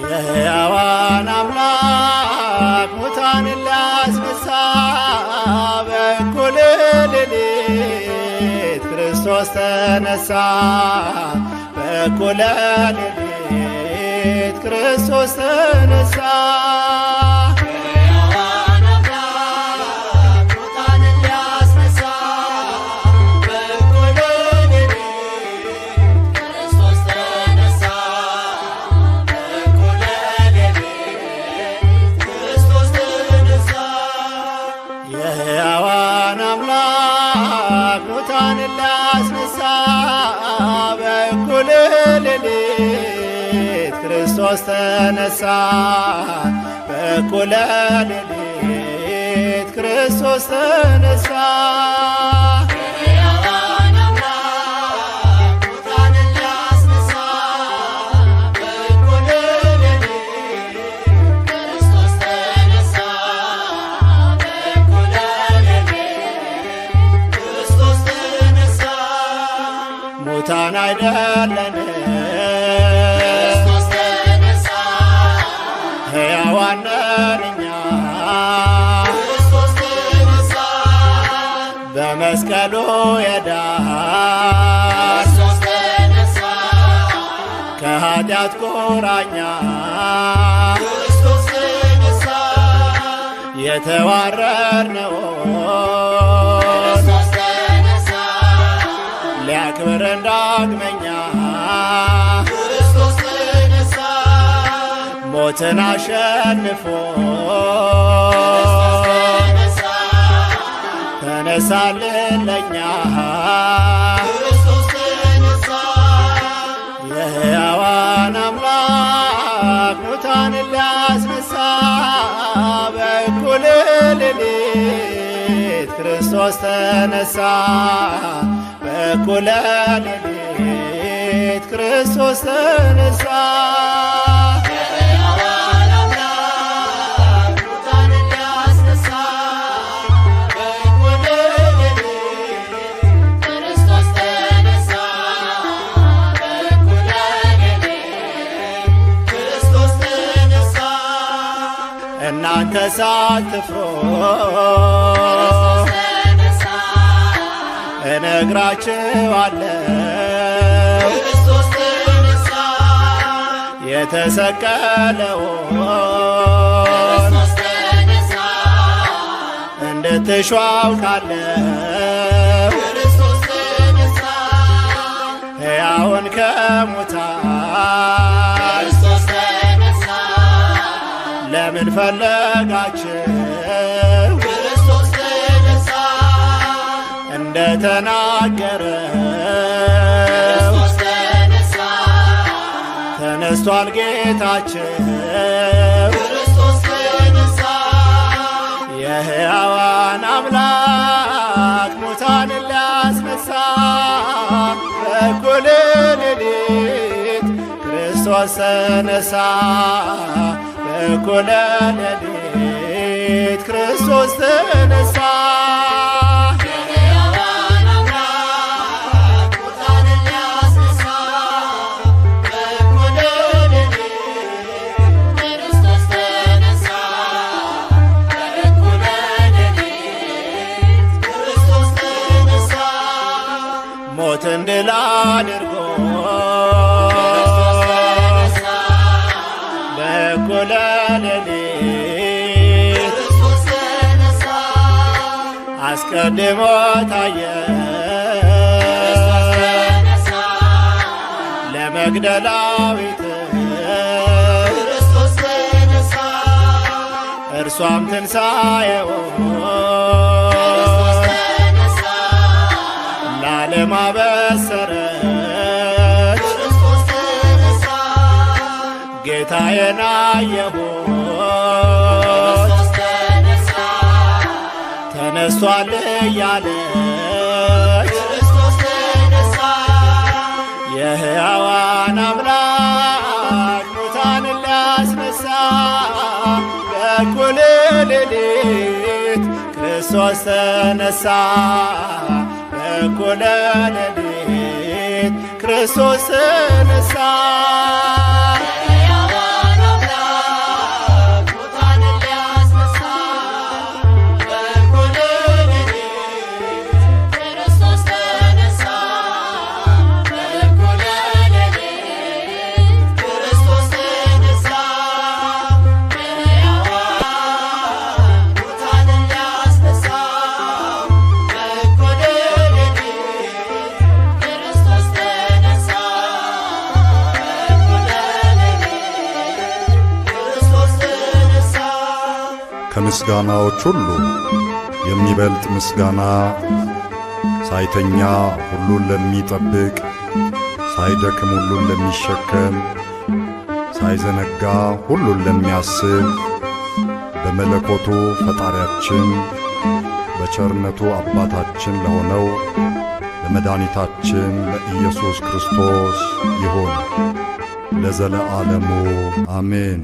የሕያዋን አምላክ ሙታንን ሊያስነሳ ክርስቶስ ተነሳ ሌሊት ክርስቶስ ተነሳ ክርስቶስ ተነሳ በኩለ ሌሊት ክርስቶስ ተነሳ ሙታን አይደለንም ዋነኛ በመስቀሉ የዳን ከኃጢአት ቁራኛ የተዋረድነውን ሊያክብረን ዳግመኛ ሞትን አሸንፎ ተነሳልን ለኛ የሕያዋን አምላክ ሙታን ሊያስነሳ በእኩል ሌሊት ክርስቶስ ተነሳ በእኩል ሌሊት ክርስቶስ ተነሳ ከሳት ተፍሮ እነግራችኋለሁ የተሰቀለውን እንድትሿውቃለሁ ሕያውን ከሙታን ፈለጋችሁ ክርስቶስ ተነሳ እንደተናገረ ተነስቷል ጌታችሁ ክርስቶስ ተነሳ የሕያዋን አምላክ ሙታንን ሊያስነሳ እኩል ሌሊት ክርስቶስ ተነሳ እኩለ ሌሊት ክርስቶስ ተነሳ። ሞትን ድል አድርጎ እኩለ ሌሊት አስቀድሞ ታየ ለመግደላዊት እርሷም ትንሣኤውን ለዓለም አበሰረ። ጌታዬን አየሁት ተነስቷል እያለች የሕያዋን አምላክ ሊያስነሳ በእኩለ ሌሊት ክርስቶስ ተነሳ በእኩለ ሌሊት ክርስቶስ ተነሳ ከምስጋናዎች ሁሉ የሚበልጥ ምስጋና ሳይተኛ ሁሉን ለሚጠብቅ፣ ሳይደክም ሁሉን ለሚሸከም፣ ሳይዘነጋ ሁሉን ለሚያስብ በመለኮቱ ፈጣሪያችን በቸርነቱ አባታችን ለሆነው ለመድኃኒታችን ለኢየሱስ ክርስቶስ ይሁን ለዘለዓለሙ አሜን።